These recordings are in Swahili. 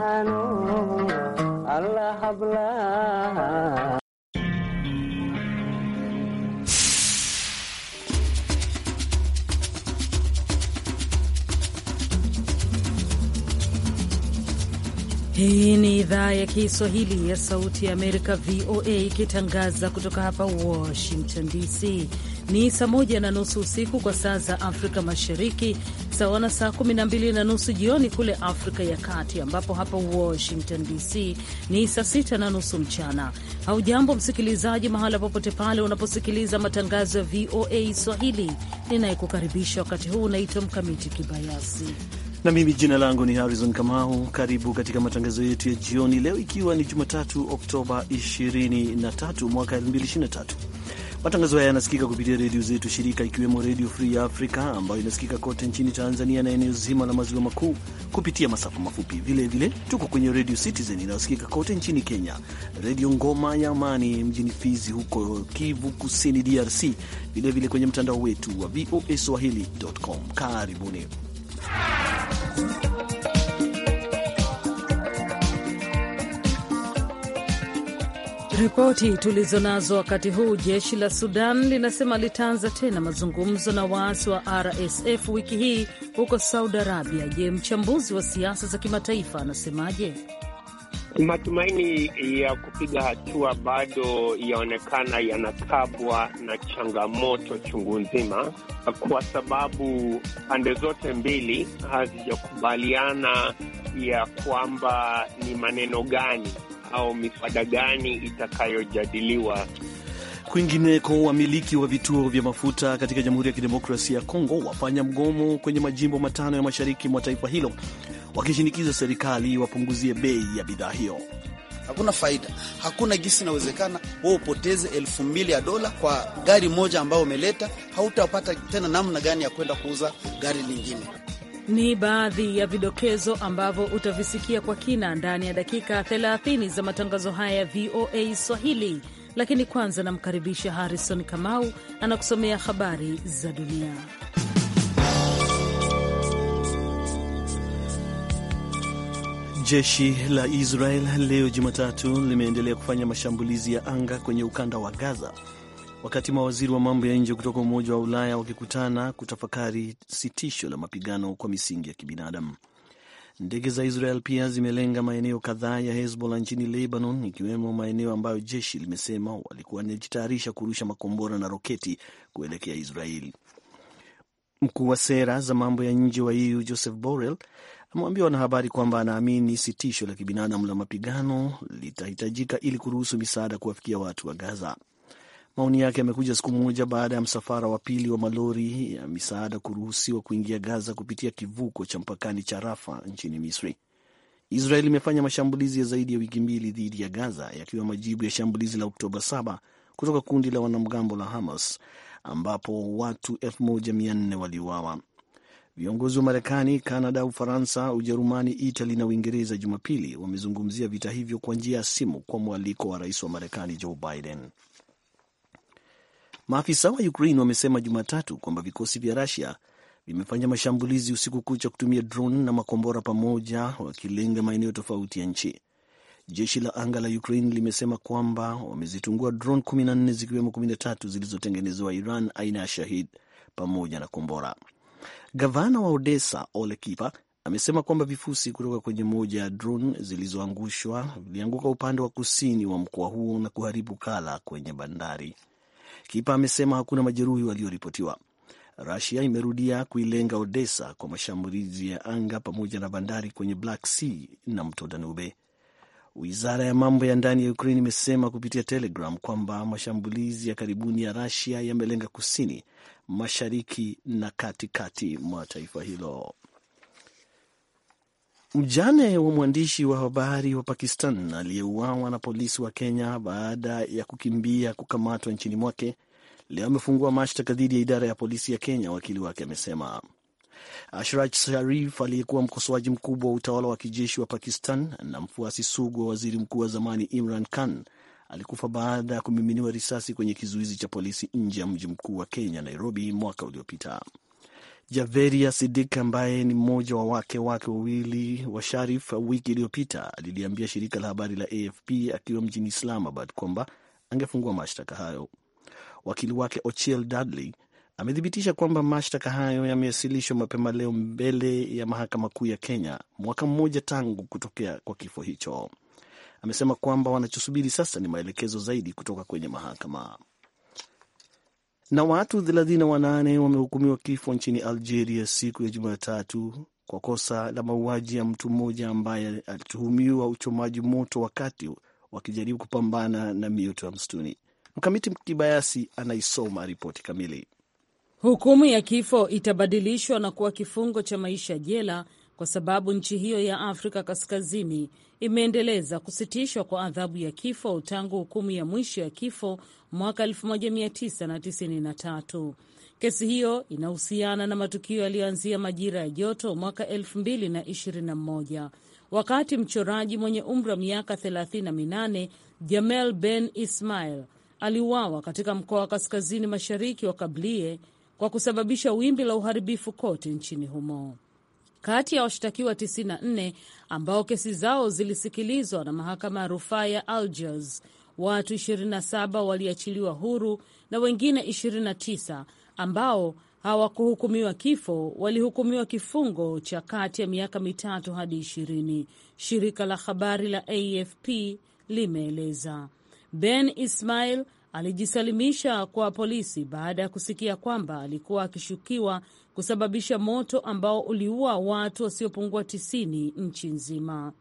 Hii ni idhaa ya Kiswahili ya Sauti ya Amerika, VOA, ikitangaza kutoka hapa Washington DC. Ni saa moja na nusu usiku kwa saa za Afrika Mashariki sawa na saa 12 na nusu jioni kule Afrika ya Kati, ambapo hapa Washington DC ni saa 6 na nusu mchana. Haujambo msikilizaji, mahala popote pale unaposikiliza matangazo ya VOA Swahili. Ninayekukaribisha wakati huu unaitwa Mkamiti Kibayasi na mimi jina langu ni Harrison Kamau. Karibu katika matangazo yetu ya jioni leo, ikiwa ni Jumatatu Oktoba 23 mwaka 2023. Matangazo haya yanasikika kupitia redio zetu shirika, ikiwemo Redio Free Africa ambayo inasikika kote nchini Tanzania na eneo zima la maziwa makuu kupitia masafa mafupi. Vilevile tuko kwenye Redio Citizen inayosikika kote nchini Kenya, Redio Ngoma ya Amani mjini Fizi huko Kivu Kusini, DRC, vilevile vile kwenye mtandao wetu wa VOA Swahili.com. Karibuni. Ripoti tulizo nazo wakati huu, jeshi la Sudan linasema litaanza tena mazungumzo na waasi wa RSF wiki hii huko Saudi Arabia. Je, mchambuzi wa siasa za kimataifa anasemaje? Matumaini ya kupiga hatua bado yaonekana yanakabwa na changamoto chungu nzima, kwa sababu pande zote mbili hazijakubaliana ya kwamba ni maneno gani au miswada gani itakayojadiliwa? Kwingineko, wamiliki wa vituo vya mafuta katika Jamhuri ya Kidemokrasia ya Kongo wafanya mgomo kwenye majimbo matano ya mashariki mwa taifa hilo wakishinikiza serikali wapunguzie bei ya bidhaa hiyo. Hakuna faida, hakuna gisi inawezekana. Wewe upoteze elfu mbili ya dola kwa gari moja ambayo umeleta, hautapata tena namna gani ya kwenda kuuza gari lingine. Ni baadhi ya vidokezo ambavyo utavisikia kwa kina ndani ya dakika 30 za matangazo haya ya VOA Swahili, lakini kwanza namkaribisha Harrison Kamau anakusomea habari za dunia. Jeshi la Israel leo Jumatatu limeendelea kufanya mashambulizi ya anga kwenye ukanda wa Gaza wakati mawaziri wa mambo ya nje kutoka Umoja wa Ulaya wakikutana kutafakari sitisho la mapigano kwa misingi ya kibinadamu. Ndege za Israel pia zimelenga maeneo kadhaa ya Hezbollah nchini Lebanon, ikiwemo maeneo ambayo jeshi limesema walikuwa wanajitayarisha kurusha makombora na roketi kuelekea Israeli. Mkuu wa sera za mambo ya nje wa EU Joseph Borrell amewambia wanahabari kwamba anaamini sitisho la kibinadamu la mapigano litahitajika ili kuruhusu misaada kuwafikia watu wa Gaza. Maoni yake yamekuja siku moja baada ya msafara wa pili wa malori ya misaada kuruhusiwa kuingia Gaza kupitia kivuko cha mpakani cha Rafa nchini Misri. Israel imefanya mashambulizi ya zaidi ya wiki mbili dhidi ya Gaza yakiwa majibu ya shambulizi la Oktoba 7 kutoka kundi la wanamgambo la Hamas ambapo watu 1400 waliuawa. Viongozi wa Marekani, Kanada, Ufaransa, Ujerumani, Itali na Uingereza Jumapili wamezungumzia vita hivyo kwa njia ya simu kwa mwaliko wa rais wa Marekani Joe Biden. Maafisa wa Ukraine wamesema Jumatatu kwamba vikosi vya Rusia vimefanya mashambulizi usiku kucha kutumia drone na makombora pamoja, wakilenga maeneo tofauti ya nchi. Jeshi la anga la Ukraine limesema kwamba wamezitungua drone 14 zikiwemo 13 zilizotengenezewa Iran aina ya Shahid pamoja na kombora. Gavana wa Odessa Ole Kipa amesema kwamba vifusi kutoka kwenye moja ya drone zilizoangushwa vilianguka upande wa kusini wa mkoa huo na kuharibu kala kwenye bandari. Kipa amesema hakuna majeruhi walioripotiwa. Rusia imerudia kuilenga Odessa kwa mashambulizi ya anga pamoja na bandari kwenye Black Sea na mto Danube. Wizara ya mambo ya ndani ya Ukraine imesema kupitia Telegram kwamba mashambulizi ya karibuni ya Rusia yamelenga kusini, mashariki na katikati mwa taifa hilo. Mjane wa mwandishi wa habari wa Pakistan aliyeuawa na polisi wa Kenya baada ya kukimbia kukamatwa nchini mwake leo amefungua mashtaka dhidi ya idara ya polisi ya Kenya, wakili wake amesema. Ashraj Sharif aliyekuwa mkosoaji mkubwa wa utawala wa kijeshi wa Pakistan na mfuasi sugu wa waziri mkuu wa zamani Imran Khan alikufa baada ya kumiminiwa risasi kwenye kizuizi cha polisi nje ya mji mkuu wa Kenya, Nairobi, mwaka uliopita. Javeria Sidik ambaye ni mmoja wa wake wake wawili wa Sharif wiki iliyopita aliliambia shirika la habari la AFP akiwa mjini Islamabad kwamba angefungua mashtaka hayo. Wakili wake Ochiel Dudley amethibitisha kwamba mashtaka hayo yamewasilishwa mapema leo mbele ya mahakama kuu ya Kenya, mwaka mmoja tangu kutokea kwa kifo hicho. Amesema kwamba wanachosubiri sasa ni maelekezo zaidi kutoka kwenye mahakama na watu 38 wamehukumiwa kifo nchini Algeria siku ya Jumatatu kwa kosa la mauaji ya mtu mmoja ambaye alituhumiwa uchomaji moto wakati wakijaribu kupambana na mioto ya msituni. Mkamiti Kibayasi anaisoma ripoti kamili. Hukumu ya kifo itabadilishwa na kuwa kifungo cha maisha jela kwa sababu nchi hiyo ya Afrika Kaskazini imeendeleza kusitishwa kwa adhabu ya kifo tangu hukumu ya mwisho ya kifo mwaka 1993. Kesi hiyo inahusiana na matukio yaliyoanzia majira ya joto mwaka 2021 wakati mchoraji mwenye umri wa miaka 38 Jamel Ben Ismail aliuawa katika mkoa wa kaskazini mashariki wa kablie kwa kusababisha wimbi la uharibifu kote nchini humo kati ya washtakiwa 94 ambao kesi zao zilisikilizwa na mahakama ya rufaa ya Algiers, watu 27 waliachiliwa huru na wengine 29 ambao hawakuhukumiwa kifo walihukumiwa kifungo cha kati ya miaka mitatu hadi ishirini, shirika la habari la AFP limeeleza. Ben Ismail alijisalimisha kwa polisi baada ya kusikia kwamba alikuwa akishukiwa kusababisha moto ambao uliua watu wasiopungua 90 nchi nzima.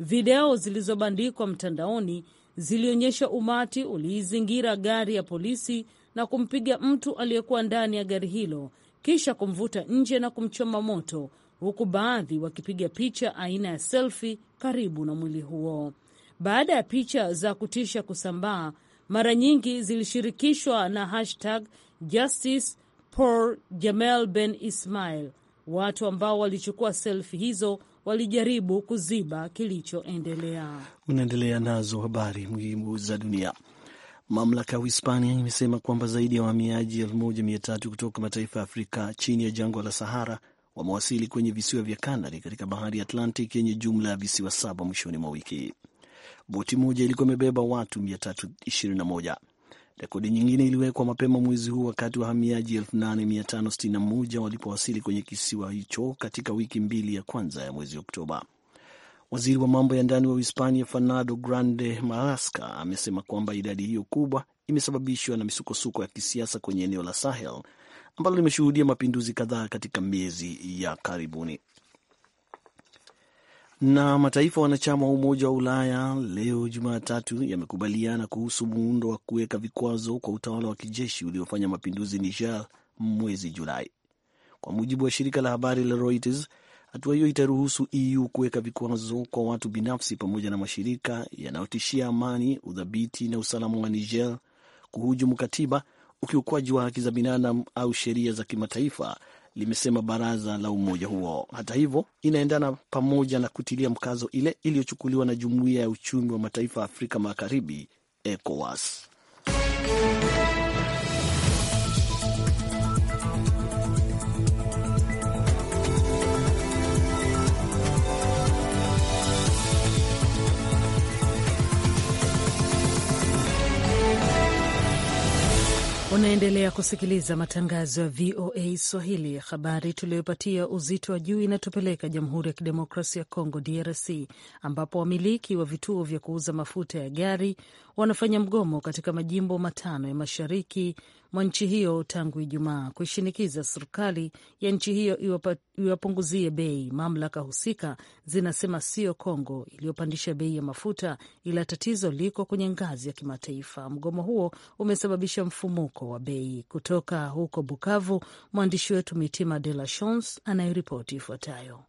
Video zilizobandikwa mtandaoni zilionyesha umati uliizingira gari ya polisi na kumpiga mtu aliyekuwa ndani ya gari hilo kisha kumvuta nje na kumchoma moto, huku baadhi wakipiga picha aina ya selfi karibu na mwili huo. Baada ya picha za kutisha kusambaa, mara nyingi zilishirikishwa na hashtag justice Paul Jamel Ben Ismail. Watu ambao walichukua selfi hizo walijaribu kuziba kilichoendelea. Unaendelea nazo habari muhimu za dunia. Mamlaka ya Uhispania imesema kwamba zaidi ya wahamiaji 1300 kutoka mataifa ya Afrika chini ya jangwa la Sahara wamewasili kwenye visiwa vya Kanari katika bahari ya Atlantic yenye jumla ya visiwa saba mwishoni mwa wiki. Boti moja ilikuwa imebeba watu 321. Rekodi nyingine iliwekwa mapema mwezi huu wakati wahamiaji 8561 walipowasili kwenye kisiwa hicho katika wiki mbili ya kwanza ya mwezi Oktoba. Waziri wa mambo ya ndani wa Uhispania Fernando Grande Marlaska amesema kwamba idadi hiyo kubwa imesababishwa na misukosuko ya kisiasa kwenye eneo la Sahel ambalo limeshuhudia mapinduzi kadhaa katika miezi ya karibuni. Na mataifa wanachama wa Umoja wa Ulaya leo Jumatatu yamekubaliana kuhusu muundo wa kuweka vikwazo kwa utawala wa kijeshi uliofanya mapinduzi Niger mwezi Julai. Kwa mujibu wa shirika la habari la Reuters, hatua hiyo itaruhusu EU kuweka vikwazo kwa watu binafsi pamoja na mashirika yanayotishia amani, udhabiti na usalama wa Niger, kuhujumu katiba, ukiukwaji wa haki za binadamu au sheria za kimataifa limesema baraza la umoja huo. Hata hivyo, inaendana pamoja na kutilia mkazo ile iliyochukuliwa na jumuiya ya uchumi wa mataifa ya Afrika Magharibi, ECOWAS. Unaendelea kusikiliza matangazo ya VOA Swahili. Habari tuliyopatia uzito wa juu inatupeleka Jamhuri ya Kidemokrasia ya Kongo, DRC, ambapo wamiliki wa vituo vya kuuza mafuta ya gari wanafanya mgomo katika majimbo matano ya mashariki mwa nchi hiyo tangu Ijumaa kuishinikiza serikali ya nchi hiyo iwapunguzie bei. Mamlaka husika zinasema sio Kongo iliyopandisha bei ya mafuta, ila tatizo liko kwenye ngazi ya kimataifa. Mgomo huo umesababisha mfumuko wa bei. Kutoka huko Bukavu, mwandishi wetu Mitima De La Chance anayeripoti ifuatayo.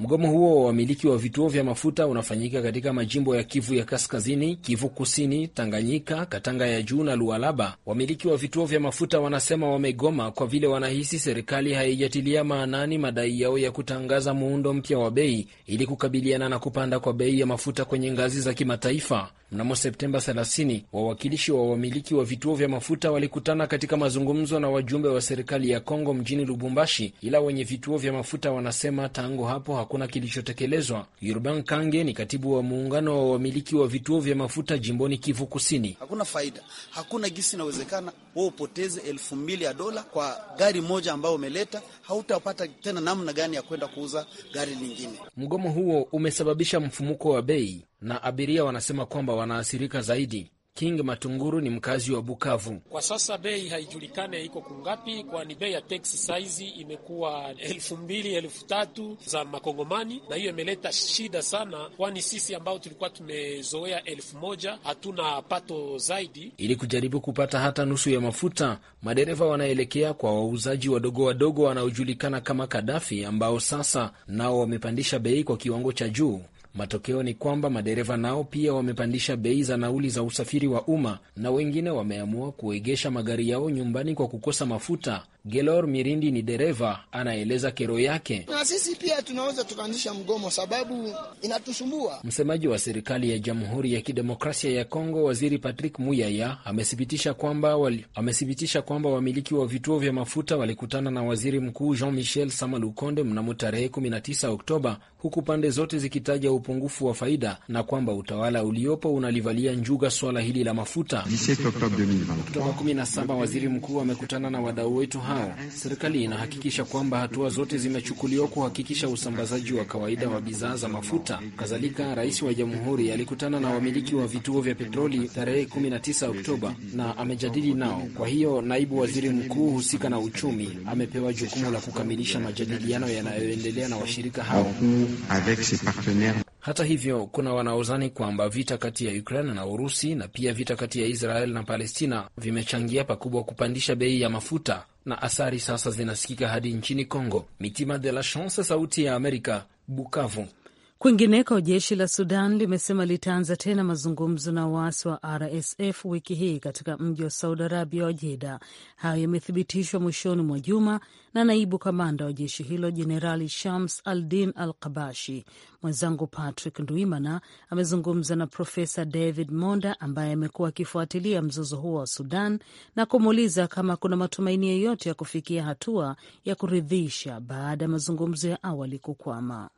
Mgomo huo wa wamiliki wa vituo vya mafuta unafanyika katika majimbo ya Kivu ya Kaskazini, Kivu Kusini, Tanganyika, Katanga ya Juu na Lualaba. Wamiliki wa vituo vya mafuta wanasema wamegoma kwa vile wanahisi serikali haijatilia maanani madai yao ya kutangaza muundo mpya wa bei ili kukabiliana na kupanda kwa bei ya mafuta kwenye ngazi za kimataifa. Mnamo Septemba 30 wawakilishi wa wamiliki wa vituo vya mafuta walikutana katika mazungumzo na wajumbe wa serikali ya Kongo mjini Lubumbashi, ila wenye vituo vya mafuta wanasema tangu hapo hakuna kilichotekelezwa. Yurban Kange ni katibu wa muungano wa wamiliki wa vituo vya mafuta jimboni Kivu Kusini. Hakuna faida, hakuna gisi inawezekana. wa upoteze elfu mbili ya dola kwa gari moja ambayo umeleta, hautapata tena namna gani ya kwenda kuuza gari lingine. Mgomo huo umesababisha mfumuko wa bei na abiria wanasema kwamba wanaathirika zaidi. King Matunguru ni mkazi wa Bukavu. Kwa sasa bei haijulikane iko kungapi, kwani bei ya teksi saizi imekuwa elfu mbili elfu tatu za makongomani, na hiyo imeleta shida sana, kwani sisi ambao tulikuwa tumezoea elfu moja hatuna pato zaidi. Ili kujaribu kupata hata nusu ya mafuta, madereva wanaelekea kwa wauzaji wadogo wadogo wanaojulikana kama Kadafi, ambao sasa nao wamepandisha bei kwa kiwango cha juu. Matokeo ni kwamba madereva nao pia wamepandisha bei za nauli za usafiri wa umma na wengine wameamua kuegesha magari yao nyumbani kwa kukosa mafuta, Gelor Mirindi ni dereva, anaeleza kero yake. Na sisi pia tunaweza tukaanzisha mgomo, sababu inatusumbua. Msemaji wa serikali ya Jamhuri ya Kidemokrasia ya Kongo, Waziri Patrick Muyaya, amethibitisha kwamba wali, amethibitisha kwamba wamiliki wa vituo vya mafuta walikutana na Waziri Mkuu Jean Michel Samalukonde mnamo tarehe 19 Oktoba, huku pande zote zikitaja upungufu wa faida na kwamba utawala uliopo unalivalia njuga swala hili la mafuta. Oktoba 17 waziri mkuu amekutana na wadau wetu ha hao. Serikali inahakikisha kwamba hatua zote zimechukuliwa kuhakikisha usambazaji wa kawaida wa bidhaa za mafuta. Kadhalika, rais wa jamhuri alikutana na wamiliki wa vituo vya petroli tarehe 19 Oktoba na amejadili nao. Kwa hiyo, naibu waziri mkuu husika na uchumi amepewa jukumu la kukamilisha majadiliano yanayoendelea na washirika hao. Hata hivyo, kuna wanaozani kwamba vita kati ya Ukraine na Urusi na pia vita kati ya Israel na Palestina vimechangia pakubwa kupandisha bei ya mafuta na athari sasa zinasikika hadi nchini Kongo. Mitima de la Chance, Sauti ya Amerika, Bukavu. Kwingineko, jeshi la Sudan limesema litaanza tena mazungumzo na waasi wa RSF wiki hii katika mji wa Saudi Arabia wa Jeda. Hayo yamethibitishwa mwishoni mwa juma na naibu kamanda wa jeshi hilo Jenerali Shams Aldin Al Kabashi. Mwenzangu Patrick Ndwimana amezungumza na Profesa David Monda ambaye amekuwa akifuatilia mzozo huo wa Sudan na kumuuliza kama kuna matumaini yoyote ya kufikia hatua ya kuridhisha baada ya mazungumzo ya awali kukwama.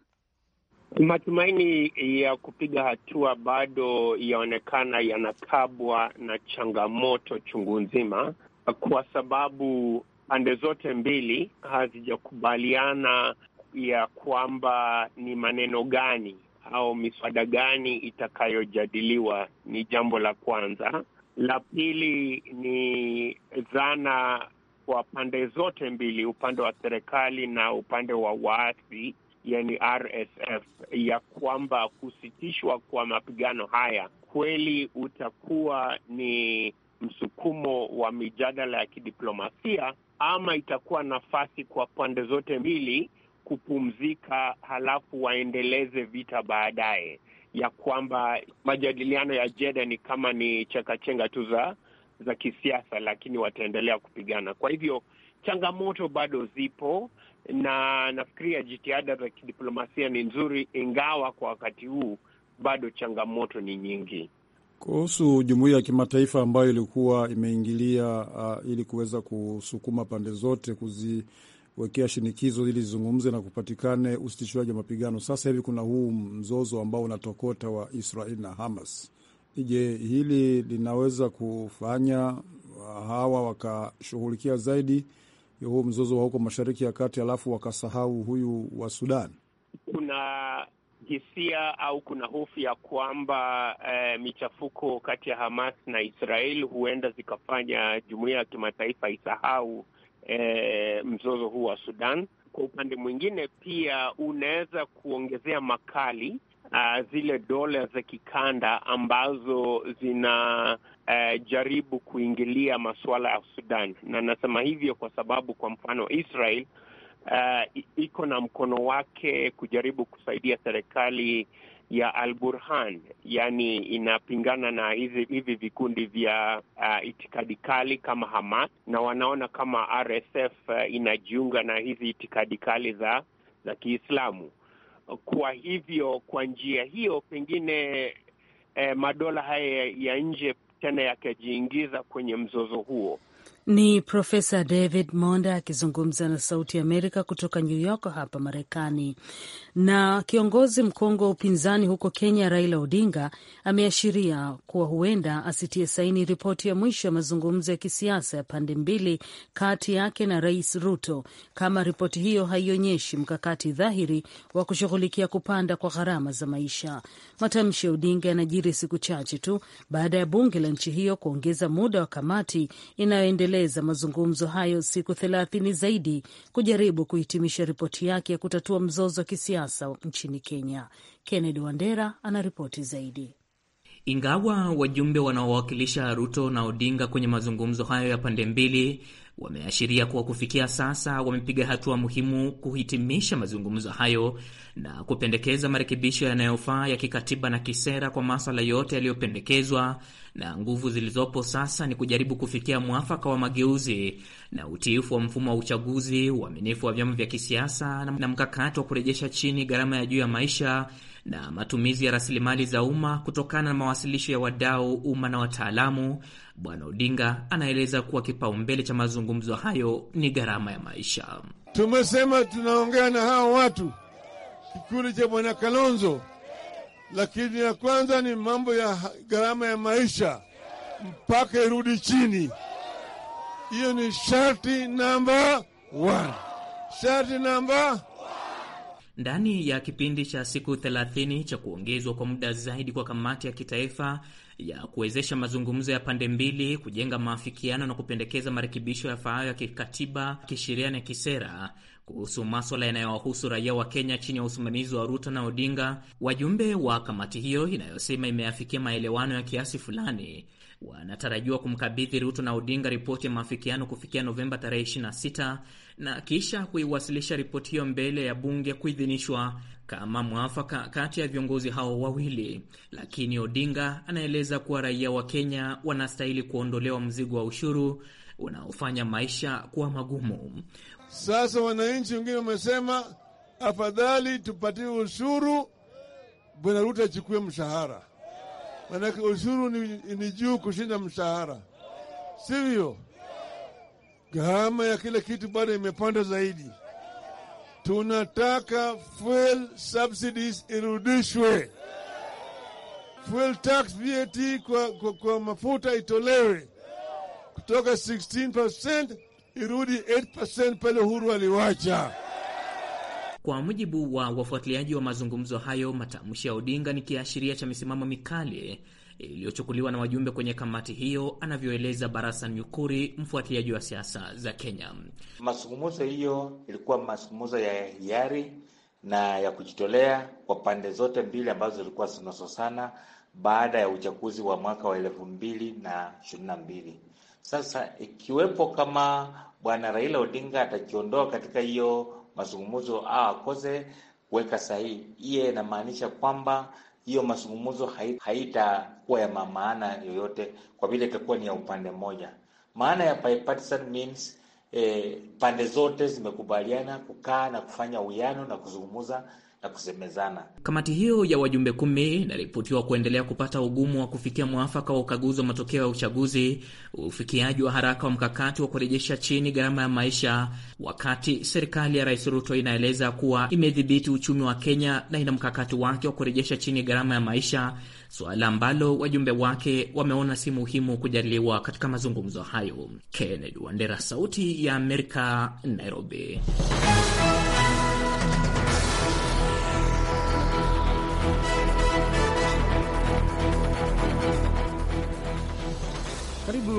Matumaini ya kupiga hatua bado yaonekana yanakabwa na changamoto chungu nzima, kwa sababu pande zote mbili hazijakubaliana ya kwamba ni maneno gani au miswada gani itakayojadiliwa. Ni jambo la kwanza. La pili ni dhana kwa pande zote mbili, upande wa serikali na upande wa waasi yani RSF ya kwamba kusitishwa kwa mapigano haya kweli utakuwa ni msukumo wa mijadala ya kidiplomasia ama itakuwa nafasi kwa pande zote mbili kupumzika, halafu waendeleze vita baadaye, ya kwamba majadiliano ya jeda ni kama ni chekachenga tu za za kisiasa, lakini wataendelea kupigana. Kwa hivyo changamoto bado zipo na nafikiria jitihada za kidiplomasia ni nzuri, ingawa kwa wakati huu bado changamoto ni nyingi. Kuhusu jumuiya ya kimataifa ambayo ilikuwa imeingilia uh, ili kuweza kusukuma pande zote kuziwekea shinikizo ili zizungumze na kupatikane usitishwaji wa mapigano. Sasa hivi kuna huu mzozo ambao unatokota wa Israel na Hamas. Je, hili linaweza kufanya uh, hawa wakashughulikia zaidi huu mzozo wa huko Mashariki ya Kati alafu wakasahau huyu wa Sudan? Kuna hisia au kuna hofu ya kwamba eh, michafuko kati ya Hamas na Israel huenda zikafanya jumuiya ya kimataifa isahau eh, mzozo huu wa Sudan. Kwa upande mwingine, pia unaweza kuongezea makali uh, zile dola za kikanda ambazo zina uh, jaribu kuingilia masuala ya Sudan, na nasema hivyo kwa sababu kwa mfano Israel uh, iko na mkono wake kujaribu kusaidia serikali ya Al Burhan, yaani inapingana na hizi hivi vikundi vya uh, itikadi kali kama Hamas, na wanaona kama RSF uh, inajiunga na hizi itikadi kali za za Kiislamu. Kwa hivyo kwa njia hiyo, pengine eh, madola haya ya nje tena yakajiingiza kwenye mzozo huo. Ni Profesa David Monda akizungumza na Sauti ya Amerika kutoka New York hapa Marekani. Na kiongozi mkongwe wa upinzani huko Kenya, Raila Odinga, ameashiria kuwa huenda asitie saini ripoti ya mwisho ya mazungumzo ya kisiasa ya pande mbili kati yake na Rais Ruto kama ripoti hiyo haionyeshi mkakati dhahiri wa kushughulikia kupanda kwa gharama za maisha. Matamshi ya Odinga yanajiri siku chache tu baada ya bunge la nchi hiyo kuongeza muda wa kamati inayoendelea kuendeleza mazungumzo hayo siku thelathini zaidi kujaribu kuhitimisha ripoti yake ya kutatua mzozo wa kisiasa nchini Kenya. Kennedy Wandera anaripoti zaidi. Ingawa wajumbe wanaowakilisha Ruto na Odinga kwenye mazungumzo hayo ya pande mbili wameashiria kuwa kufikia sasa wamepiga hatua muhimu kuhitimisha mazungumzo hayo na kupendekeza marekebisho yanayofaa ya kikatiba na kisera kwa maswala yote yaliyopendekezwa, na nguvu zilizopo sasa ni kujaribu kufikia mwafaka wa mageuzi na utiifu wa mfumo wa uchaguzi, uaminifu wa vyama vya kisiasa na mkakati wa kurejesha chini gharama ya juu ya maisha na matumizi ya rasilimali za umma kutokana na mawasilisho ya wadau umma na wataalamu. Bwana Odinga anaeleza kuwa kipaumbele cha mazungumzo hayo ni gharama ya maisha. Tumesema tunaongea na hawa watu, kikundi cha Bwana Kalonzo lakini ya kwanza ni mambo ya gharama ya maisha mpaka irudi chini. Hiyo ni sharti namba one. Sharti namba ndani ya kipindi cha siku 30 cha kuongezwa kwa muda zaidi kwa kamati ya kitaifa ya kuwezesha mazungumzo ya pande mbili kujenga maafikiano na kupendekeza marekebisho yafaayo ya kikatiba, kisheria na kisera kuhusu maswala yanayowahusu raia wa Kenya chini ya usimamizi wa Ruto na Odinga. Wajumbe wa kamati hiyo inayosema imeafikia maelewano ya kiasi fulani wanatarajiwa kumkabidhi Ruto na Odinga ripoti ya maafikiano kufikia Novemba tarehe 26 na kisha kuiwasilisha ripoti hiyo mbele ya bunge kuidhinishwa kama mwafaka kati ya viongozi hao wawili. Lakini Odinga anaeleza kuwa raia wa Kenya wanastahili kuondolewa mzigo wa ushuru unaofanya maisha kuwa magumu. Sasa wananchi wengine wamesema afadhali tupatie ushuru, Bwana Ruto achukue mshahara, manake ushuru ni, ni juu kushinda mshahara, sivyo? Gharama ya kila kitu bado imepanda zaidi. Tunataka fuel subsidies irudishwe, fuel tax VAT kwa, kwa, kwa mafuta itolewe kutoka 16% irudi 8% pale Uhuru aliwacha. Kwa mujibu wa wafuatiliaji wa mazungumzo hayo, matamshi ya Odinga ni kiashiria cha misimamo mikali iliyochukuliwa na wajumbe kwenye kamati hiyo, anavyoeleza barasa Nyukuri, mfuatiliaji wa siasa za Kenya. Mazungumzo hiyo ilikuwa mazungumzo ya hiari na ya kujitolea kwa pande zote mbili ambazo zilikuwa zinasosana baada ya uchaguzi wa mwaka wa elfu mbili na ishirini na mbili. Sasa ikiwepo kama bwana Raila Odinga atajiondoa katika hiyo mazungumzo au akose kuweka sahihi, hiye inamaanisha kwamba hiyo mazungumzo haitakuwa ya maana yoyote, kwa vile itakuwa ni ya upande mmoja. Maana ya bipartisan means eh, pande zote zimekubaliana kukaa na kufanya uwiano na kuzungumza na kusemezana. Kamati hiyo ya wajumbe kumi inaripotiwa kuendelea kupata ugumu wa kufikia mwafaka wa ukaguzi wa matokeo ya uchaguzi, ufikiaji wa haraka wa mkakati wa kurejesha chini gharama ya maisha, wakati serikali ya Rais Ruto inaeleza kuwa imedhibiti uchumi wa Kenya na ina mkakati wake wa kurejesha chini gharama ya maisha, suala ambalo wajumbe wake wameona si muhimu kujadiliwa katika mazungumzo hayo. Kennedy Wandera, Sauti ya Amerika, Nairobi.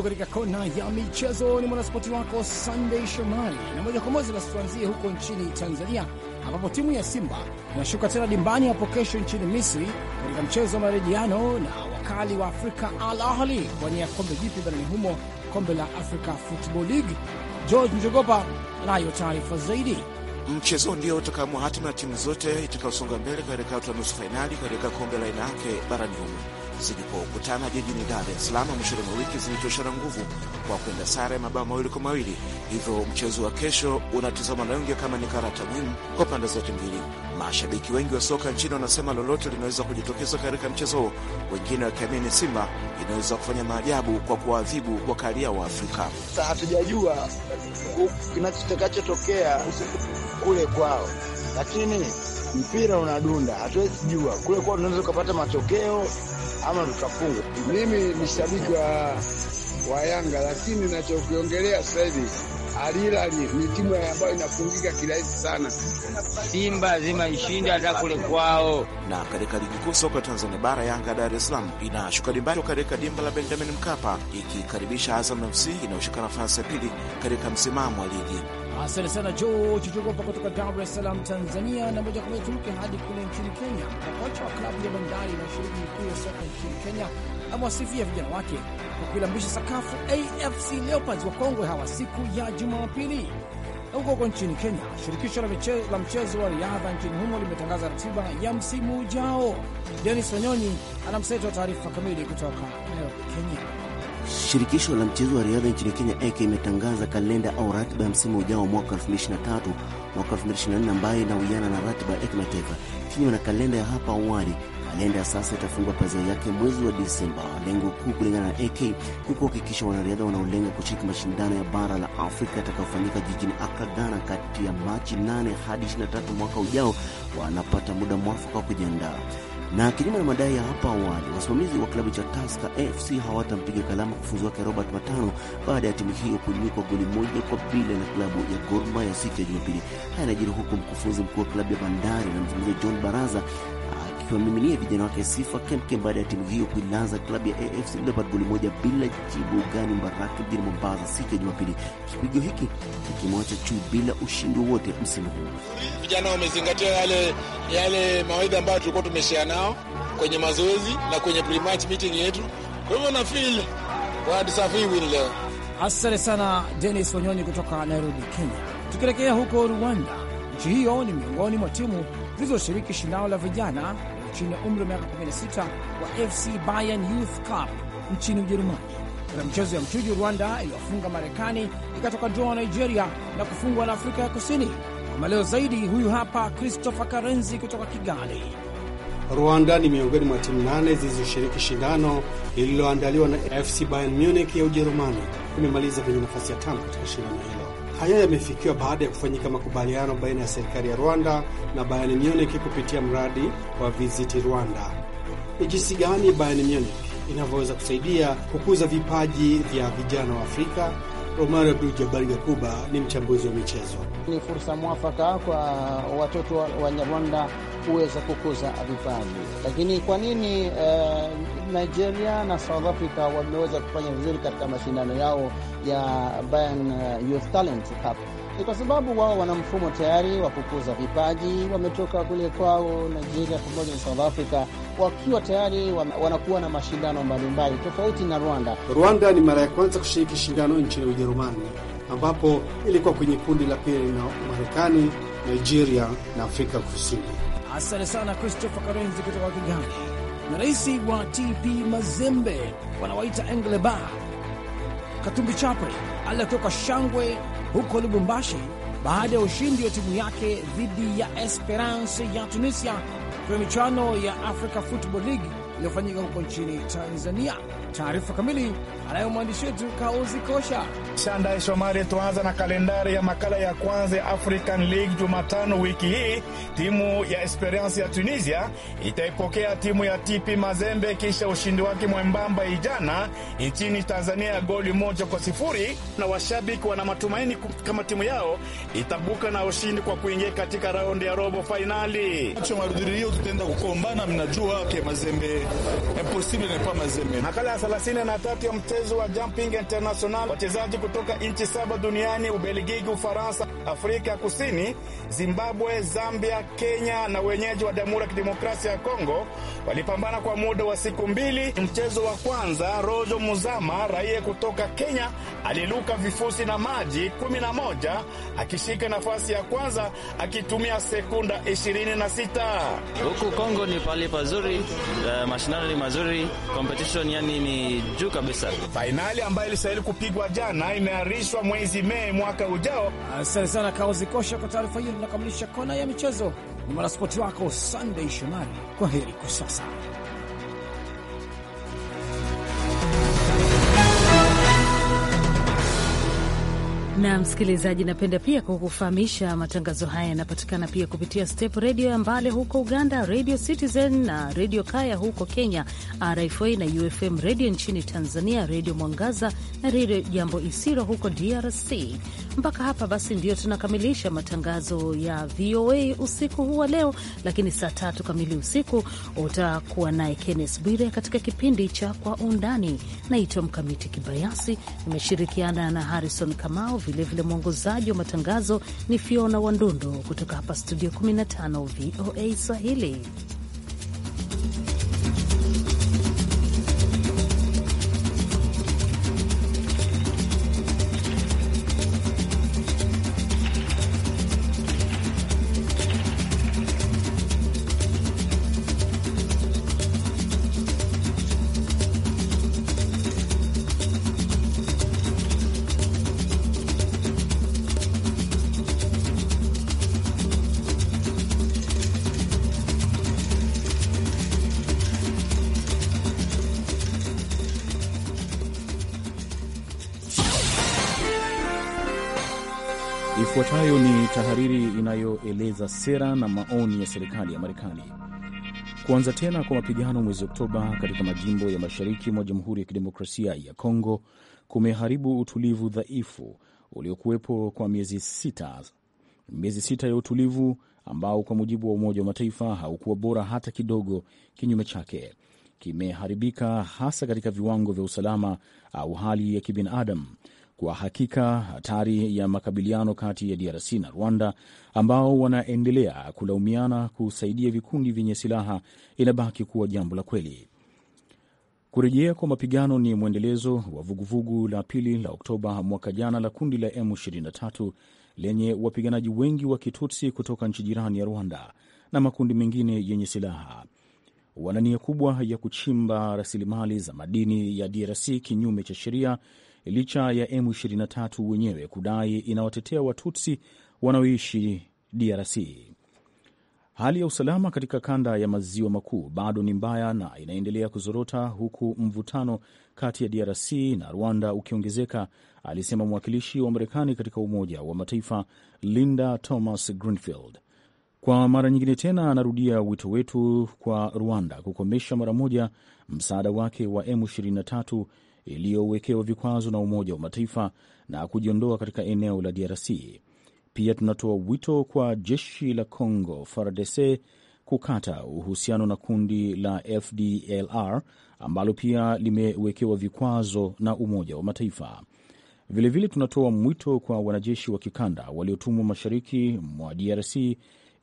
Karibu katika kona ya michezo, ni mwanaspoti wako Sunday Shomari, na moja kwa moja basi tuanzie huko nchini Tanzania, ambapo timu ya Simba inashuka tena dimbani hapo kesho nchini Misri katika mchezo wa marejiano na wakali wa Afrika Al Ahli kuwania kombe jipi barani humo, kombe la Africa Football League. George Njogopa anayo taarifa zaidi. Mchezo ndio utakaamua hatima ya timu zote itakaosonga mbele katika hatua nusu fainali katika kombe la aina yake barani humo zilipokutana jijini Dar es Salaam mwishoni mwa wiki zilitoshana nguvu kwa kwenda sare ya mabao mawili kwa mawili. Hivyo mchezo wa kesho unatizama na wengi kama ni karata muhimu kwa pande zote mbili. Mashabiki wengi wa soka nchini wanasema lolote linaweza kujitokeza katika mchezo huo, wengine wakiamini Simba inaweza kufanya maajabu kwa kuwaadhibu wakali kalia wa Afrika. Hatujajua kinachotakachotokea kule kwao, lakini mpira unadunda, hatuwezi jua kule kuwa tunaweza tukapata matokeo ama tukafungwa. Mimi ni shabiki wa, wa Yanga, lakini nachokiongelea sasa hivi ni timu ambayo inafungika kirahisi sana. Simba lazima ishinde hata kule kwao. Na katika ligi kuu soka ya Tanzania bara, Yanga ya Dar es Salaam inashuka dimbani katika dimba la Benjamin Mkapa ikikaribisha Azam FC inayoshika nafasi ya pili katika msimamo wa ligi. Asante sana George Jogopa kutoka Dar es Salaam, Tanzania. Na moja kwa moja turuke hadi kule nchini Kenya. Kocha wa klabu ya Bandari na shiriki mkuu ya soka nchini Kenya amewasifia vijana wake kwa kuilambisha sakafu AFC Leopards wa kongwe hawa siku ya Jumapili. Huko huko nchini Kenya, shirikisho la mchezo, la mchezo wa riadha nchini humo limetangaza ratiba ya msimu ujao. Denis Wanyonyi anamseta taarifa kamili kutoka Nairobi, Kenya. Shirikisho la mchezo wa riadha nchini Kenya AK imetangaza kalenda au ratiba ya msimu ujao mwaka 2023 mwaka 2024 ambayo inawiana na ratiba ya kimataifa kinyume na kalenda ya hapa awali. Kalenda ya sasa itafungua pazia yake mwezi wa Disemba. Lengo kuu kulingana na AK ni kuhakikisha wanariadha wanaolenga kushiriki mashindano ya bara la Afrika yatakayofanyika jijini akagana Ghana, kati ya Machi 8 hadi 23 mwaka ujao wanapata muda mwafaka wa kujiandaa. Na kinyume na madai ya hapa awali, wasimamizi wa klabu cha Tusker AFC hawatampiga kalamu kufunzi wake Robert Matano baada ya timu hiyo kunyikwa goli moja kwa bila na klabu ya Gor Mahia siku ya Jumapili. Haya yanajiri huku mkufunzi mkuu wa klabu ya Bandari na mzungumzia John Baraza akiwamiminia vijana wake sifa kemkem baada ya timu hiyo kuilaza klabu ya AFC Leopards goli moja bila jibu gani Mbaraka mjini Mombasa siku ya Jumapili, kipigo hiki kikimwacha Chu bila ushindi wowote msimu huu. Vijana wamezingatia yale yale mawaidha ambayo tulikuwa tumeshea nao kwenye mazoezi na kwenye pre-match meeting yetu, kwa hivyo na feel wadisafiwin leo. Asante sana denis Wanyonyi kutoka Nairobi, Kenya. Tukielekea huko Rwanda, nchi hiyo ni miongoni mwa timu zilizoshiriki shindano la vijana chini ya umri wa miaka 16 wa FC Bayern Youth Cup nchini Ujerumani. Katika mchezo ya mchujo, Rwanda iliwafunga Marekani, ikatoka draw Nigeria na kufungwa na Afrika ya Kusini. Kwa maleo zaidi, huyu hapa Christopher Karenzi kutoka Kigali. Rwanda ni miongoni mwa timu nane zilizoshiriki shindano lililoandaliwa na FC Bayern Munich ya Ujerumani, imemaliza kwenye nafasi ya tano katika shindano hilo. Haya yamefikiwa baada ya kufanyika makubaliano baina ya serikali ya Rwanda na Bayern Munich kupitia mradi wa Visit Rwanda. Ni jinsi gani Bayern Munich inavyoweza kusaidia kukuza vipaji vya vijana wa Afrika? Omar Abdul Jabari Gakuba ni mchambuzi wa michezo. Ni fursa mwafaka kwa watoto wa Nyarwanda kuweza kukuza vipaji. Lakini kwa nini uh, Nigeria na South Africa wameweza kufanya vizuri katika mashindano yao ya Bayern eh, Youth Talent Cup? Ni kwa sababu wao wana mfumo tayari wa kukuza vipaji. Wametoka kule kwao Nigeria pamoja na South Africa wakiwa tayari wanakuwa na mashindano mbalimbali tofauti na Rwanda. Rwanda ni mara ya kwanza kushiriki shindano nchini Ujerumani, ambapo ilikuwa kwenye kundi la pili na Marekani, Nigeria na Afrika Kusini. Asante sana Christopher Karenzi kutoka Kigali na rais wa TP Mazembe wanawaita Engle Katumbi Chapwe aliyetoka shangwe huko Lubumbashi baada ya ushindi wa timu yake dhidi ya Esperance ya Tunisia kwenye michuano ya Africa Football League iliyofanyika huko nchini Tanzania. Taarifa kamili anayo mwandishi wetu Kauzi Kosha. Shandai Shomari, tuanza na kalendari ya makala ya kwanza ya African League. Jumatano wiki hii timu ya Esperance ya Tunisia itaipokea timu ya TP Mazembe kisha ushindi wake mwembamba ijana nchini Tanzania ya goli moja kwa sifuri, na washabiki wana matumaini kama timu yao itabuka na ushindi kwa kuingia katika raundi ya robo fainali. tutaenda kukombana, mnajua ke Mazembe Impossible n'est pas Mazembe. Makala ya 3tatu ya mchezo wa Jumping International, wachezaji kutoka nchi saba duniani: Ubelgiji, Ufaransa, Afrika Kusini, Zimbabwe, Zambia, Kenya na wenyeji wa Jamhuri ya Kidemokrasia ya Kongo walipambana kwa muda wa siku mbili. Mchezo wa kwanza, Rojo Muzama, raia kutoka Kenya, aliluka vifusi na maji 11 akishika nafasi ya kwanza akitumia sekunda 26. Huku Kongo ni pali pazuri uh, mashindano ni mazuri, competition yani ni juu kabisa. Fainali ambayo ilistahili kupigwa jana imeahirishwa mwezi Mei mwaka ujao. Asante sana Kaozi Kosha kwa taarifa hiyo. Tunakamilisha kona ya michezo. Ni mwanaspoti wako Sunday Shomari. Kwa heri kwa sasa. na msikilizaji, napenda pia kukufahamisha matangazo haya yanapatikana pia kupitia Step Redio ya Mbale huko Uganda, Radio Citizen na Redio Kaya huko Kenya, RFA na UFM Redio nchini Tanzania, Redio Mwangaza na Redio Jambo Isiro huko DRC. Mpaka hapa basi ndio tunakamilisha matangazo ya VOA usiku huu wa leo, lakini saa tatu kamili usiku utakuwa naye Kennes Bwire katika kipindi cha Kwa Undani. Naitwa Mkamiti Kibayasi, nimeshirikiana na Harrison Kamau vilevile mwongozaji wa matangazo ni Fiona Wandundu kutoka hapa studio 15 VOA Swahili. sera na maoni ya serikali ya Marekani. Kuanza tena kwa mapigano mwezi Oktoba katika majimbo ya mashariki mwa Jamhuri ya Kidemokrasia ya Kongo kumeharibu utulivu dhaifu uliokuwepo kwa miezi sita, miezi sita ya utulivu ambao kwa mujibu wa Umoja wa Mataifa haukuwa bora hata kidogo. Kinyume chake, kimeharibika hasa katika viwango vya usalama au hali ya kibinadamu, kwa hakika hatari ya makabiliano kati ya DRC na Rwanda ambao wanaendelea kulaumiana kusaidia vikundi vyenye silaha inabaki kuwa jambo la kweli. Kurejea kwa mapigano ni mwendelezo wa vuguvugu la pili la Oktoba mwaka jana la kundi la M23 lenye wapiganaji wengi wa Kitutsi kutoka nchi jirani ya Rwanda na makundi mengine yenye silaha. Wana nia kubwa ya kuchimba rasilimali za madini ya DRC kinyume cha sheria licha ya M23 wenyewe kudai inawatetea Watutsi wanaoishi DRC. Hali ya usalama katika kanda ya maziwa makuu bado ni mbaya na inaendelea kuzorota huku mvutano kati ya DRC na Rwanda ukiongezeka, alisema mwakilishi wa Marekani katika Umoja wa Mataifa Linda Thomas Greenfield. Kwa mara nyingine tena anarudia wito wetu kwa Rwanda kukomesha mara moja msaada wake wa M23 iliyowekewa vikwazo na Umoja wa Mataifa na kujiondoa katika eneo la DRC. Pia tunatoa wito kwa jeshi la Congo FARDC kukata uhusiano na kundi la FDLR ambalo pia limewekewa vikwazo na Umoja wa Mataifa. Vilevile vile tunatoa mwito kwa wanajeshi wa kikanda waliotumwa mashariki mwa DRC,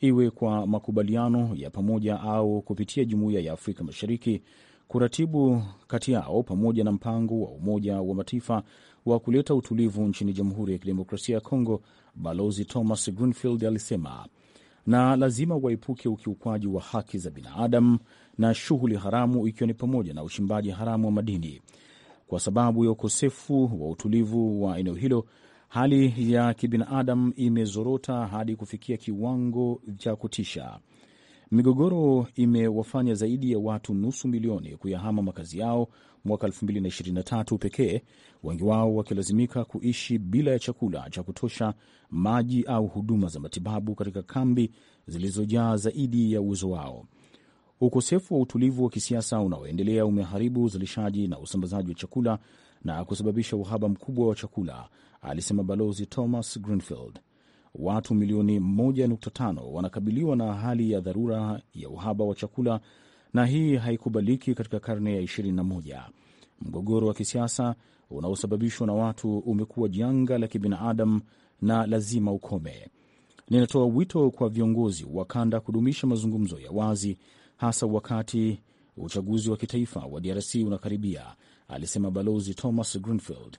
iwe kwa makubaliano ya pamoja au kupitia Jumuiya ya Afrika Mashariki, kuratibu kati yao pamoja na mpango wa Umoja wa Mataifa wa kuleta utulivu nchini Jamhuri ya Kidemokrasia ya Kongo, Balozi Thomas Greenfield alisema, na lazima waepuke ukiukwaji wa haki za binadamu na shughuli haramu, ikiwa ni pamoja na uchimbaji haramu wa madini. Kwa sababu ya ukosefu wa utulivu wa eneo hilo, hali ya kibinadamu imezorota hadi kufikia kiwango cha kutisha. Migogoro imewafanya zaidi ya watu nusu milioni kuyahama makazi yao mwaka 2023 pekee, wengi wao wakilazimika kuishi bila ya chakula cha kutosha, maji au huduma za matibabu katika kambi zilizojaa zaidi ya uwezo wao. Ukosefu wa utulivu wa kisiasa unaoendelea umeharibu uzalishaji na usambazaji wa chakula na kusababisha uhaba mkubwa wa chakula, alisema Balozi Thomas Greenfield watu milioni 1.5 wanakabiliwa na hali ya dharura ya uhaba wa chakula, na hii haikubaliki katika karne ya 21. Mgogoro wa kisiasa unaosababishwa na watu umekuwa janga la kibinadamu na lazima ukome. Ninatoa wito kwa viongozi wa kanda kudumisha mazungumzo ya wazi, hasa wakati uchaguzi wa kitaifa wa DRC unakaribia, alisema Balozi Thomas Greenfield.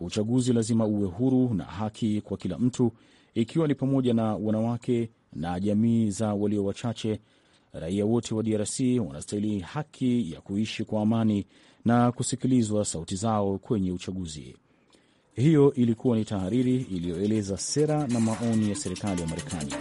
Uchaguzi lazima uwe huru na haki kwa kila mtu, ikiwa ni pamoja na wanawake na jamii za walio wachache. Raia wote wa DRC wanastahili haki ya kuishi kwa amani na kusikilizwa sauti zao kwenye uchaguzi. Hiyo ilikuwa ni tahariri iliyoeleza sera na maoni ya serikali ya Marekani.